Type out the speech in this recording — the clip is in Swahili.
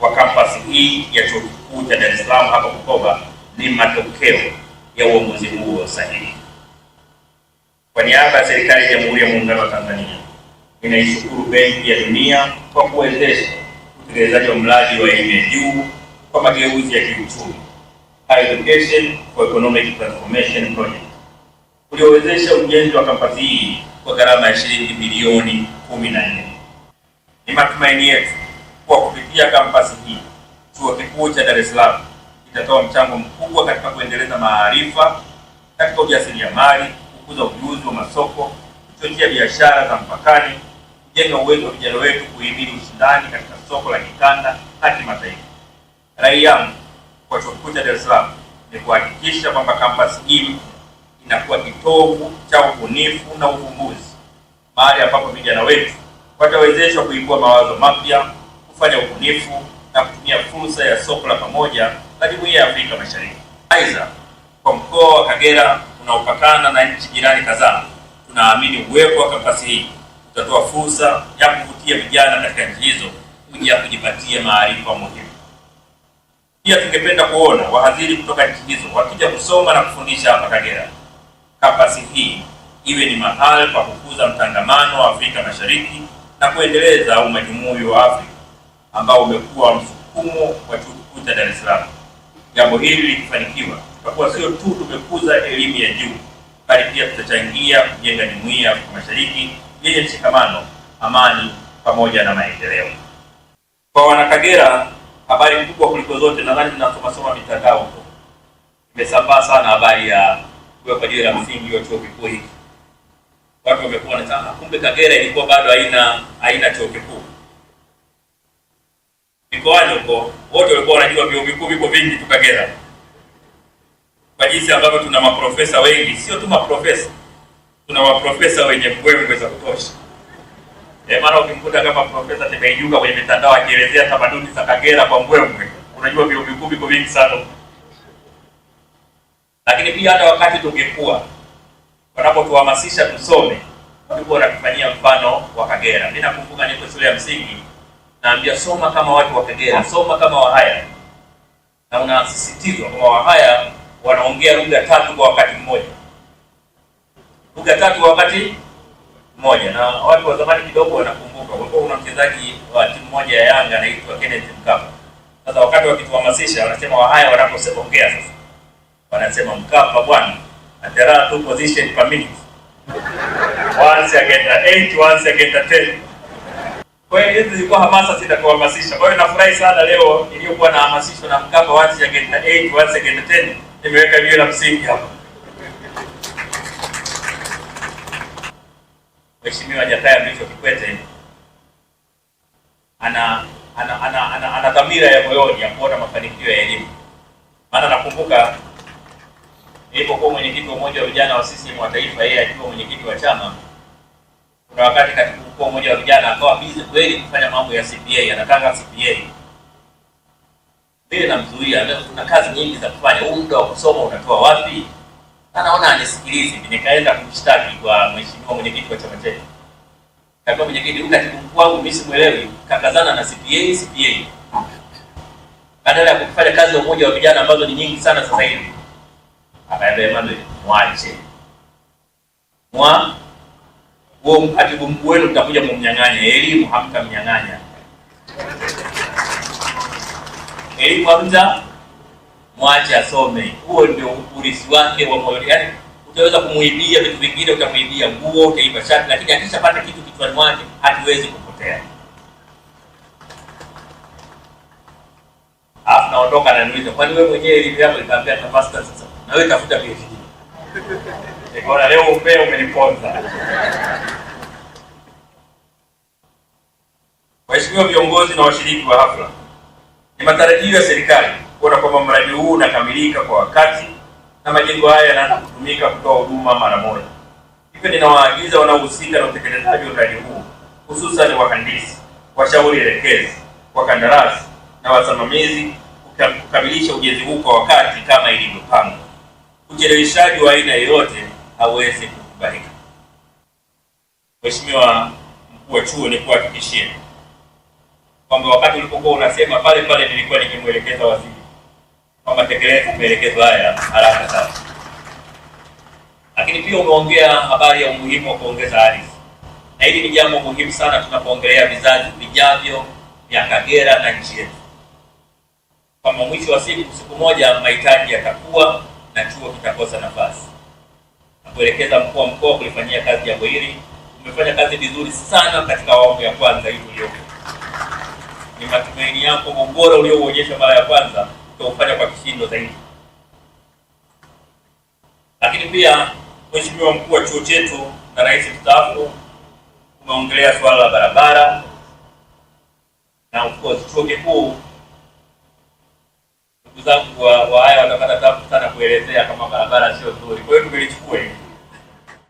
wa kampasi hii ya chuo kikuu cha Dar es Salaam hapa Bukoba ni matokeo ya uongozi huo sahihi. Kwa niaba ya serikali ya Jamhuri ya Muungano wa Tanzania, ninaishukuru Benki ya Dunia kwa kuwezesha utekelezaji wa mradi wa elimu ya juu kwa mageuzi ya kiuchumi, Education for Economic Transformation Project, uliowezesha ujenzi wa kampasi hii kwa gharama ya shilingi bilioni 14. Ni matumaini yetu kwa kupitia kampasi hii, chuo kikuu cha Dar es Salaam kitatoa mchango mkubwa katika kuendeleza maarifa katika ujasiriamali, kukuza ujuzi wa masoko, kuchochea biashara za mpakani, kujenga uwezo wa vijana wetu kuhimili ushindani katika soko la kikanda na kimataifa. Rai yangu kwa chuo kikuu cha Dar es Salaam ni kuhakikisha kwamba kampasi hii inakuwa kitovu cha ubunifu na uvumbuzi, mahali ambapo vijana wetu watawezeshwa kuibua mawazo mapya kufanya ubunifu na kutumia fursa ya soko la pamoja la Jumuiya ya Afrika Mashariki. Aidha, kwa mkoa wa Kagera unaopakana na nchi jirani kadhaa, tunaamini uwepo wa kampasi hii utatoa fursa ya kuvutia vijana katika nchi hizo kuja kujipatia maarifa muhimu. Pia tungependa kuona wahadhiri kutoka nchi hizo wakija kusoma na kufundisha hapa Kagera. Kampasi hii iwe ni mahali pa kukuza mtangamano wa Afrika Mashariki na kuendeleza umajumui wa Afrika ambao umekuwa msukumo wa chuo kikuu cha Dar es Salaam. Jambo hili likifanikiwa, tutakuwa sio tu tumekuza elimu ya juu, bali pia tutachangia kujenga jumuiya ya Afrika Mashariki yenye mshikamano, amani pamoja na maendeleo. Kwa Wanakagera, habari kubwa kuliko zote nadhani mnasomasoma mitandao tu, imesambaa sana habari ya kuwekwa jiwe la msingi wa chuo kikuu hiki. Watu wamekuwa wanasema ah, kumbe Kagera ilikuwa bado haina haina chuo kikuu mikoani huko, wote walikuwa wanajua vyuo vikuu viko vingi tu Kagera, kwa jinsi ambavyo tuna maprofesa wengi. Sio tu maprofesa, tuna maprofesa wenye mbwembwe za kutosha. E, maana ukimkuta kama Profesa Tibaijuka kwenye mitandao akielezea tamaduni za Kagera kwa mbwembwe, unajua vyuo vikuu viko vingi sana. Lakini pia hata wakati tungekuwa wanapotuhamasisha tusome, walikuwa wanatufanyia mfano wa Kagera. Mimi nakumbuka niko shule ya msingi naambia soma kama watu wa Kagera, soma kama Wahaya, na unasisitizwa kwamba Wahaya wanaongea lugha tatu kwa wakati mmoja, lugha tatu kwa wakati mmoja. Na watu wa zamani kidogo wanakumbuka, walikuwa kuna mchezaji wa timu moja ya Yanga anaitwa Kenneth Mkapa. Sasa wakati wakituhamasisha wanasema Wahaya wanaposema ongea, sasa wanasema Mkapa bwana, there are two positions per minute, once again at eight, once again at ten kwa hiyo hizi zilikuwa hamasa zitakuhamasisha. Kwa hiyo nafurahi sana leo iliyokuwa na hamasisho na Mkapa once again na 8 once again na 10 nimeweka hiyo la msingi hapa. Mheshimiwa Jakaya Mrisho Kikwete ana ana ana ana, ana dhamira ya moyoni ya kuona mafanikio ya elimu. Maana nakumbuka nilipokuwa mwenyekiti wa umoja wa vijana wa CCM wa taifa, yeye akiwa mwenyekiti wa chama, kuna wakati katika mkuu mmoja wa vijana akawa busy kweli kufanya mambo ya CPA, anakanga CPA vile, namzuia na kazi nyingi za kufanya, huu muda wa kusoma unatoa wapi? Anaona anisikilizi. Nikaenda kumshtaki kwa mheshimiwa mwenyekiti wa chama chetu, kakiwa mwenyekiti, huyu katibu mkuu wangu mimi simuelewi, kakazana na CPA CPA badala ya kufanya kazi ya umoja wa vijana ambazo ni nyingi sana sasa hivi. Akaenda Emmanuel, mwache mwa huo katibu mkuu wenu mtakuja kumnyang'anya elimu, hamtamnyang'anya elimu, hamta mwache asome. Huo ndio urithi wake wa moyoni. Yani utaweza kumuibia vitu vingine, utamuibia nguo, utaiba shati, lakini akishapata kitu kichwani mwake hatuwezi kupotea. Alafu naondoka ananiuliza kwani wewe mwenyewe elimu yako? Nikaambia, tafasta, sasa na wewe tafuta PhD nikaona e leo umbea umeniponza. Waheshimiwa viongozi na washiriki wa hafla, ni matarajio ya serikali kuona kwamba mradi huu unakamilika kwa wakati na majengo haya yanaanza kutumika kutoa huduma mara moja. Hivyo ninawaagiza wanaohusika na utekelezaji wa mradi huu, hususan wahandisi, washauri elekezi, wakandarasi na wasimamizi kukamilisha ujenzi huu kwa wakati kama ilivyopangwa. Ucheleweshaji wa aina yoyote hawezi kukubalika. Mheshimiwa mkuu wa chuo, nikuhakikishie kwamba wakati ulipokuwa unasema pale pale, nilikuwa nikimwelekeza waziri kwamba tekeleza maelekezo haya haraka sana, lakini pia umeongea habari ya umuhimu wa kuongeza ardhi, na hili ni jambo muhimu sana tunapoongelea vizazi vijavyo vya Kagera na nchi yetu, kwamba mwisho wa siku, siku moja mahitaji yatakuwa na chuo kitakosa nafasi kuelekeza mkuu wa mkoa kulifanyia kazi jambo hili. Umefanya kazi vizuri sana katika awamu ya kwanza hii uliopo. Ni matumaini yako ubora uliouonyesha mara ya kwanza utaufanya kwa kishindo zaidi. Lakini pia Mheshimiwa mkuu wa chuo chetu na rais mstaafu, umeongelea swala la barabara na of course chuo kikuu ndugu zangu wa haya watapata tabu sana kuelezea kama barabara sio nzuri, kwa hiyo tumelichukua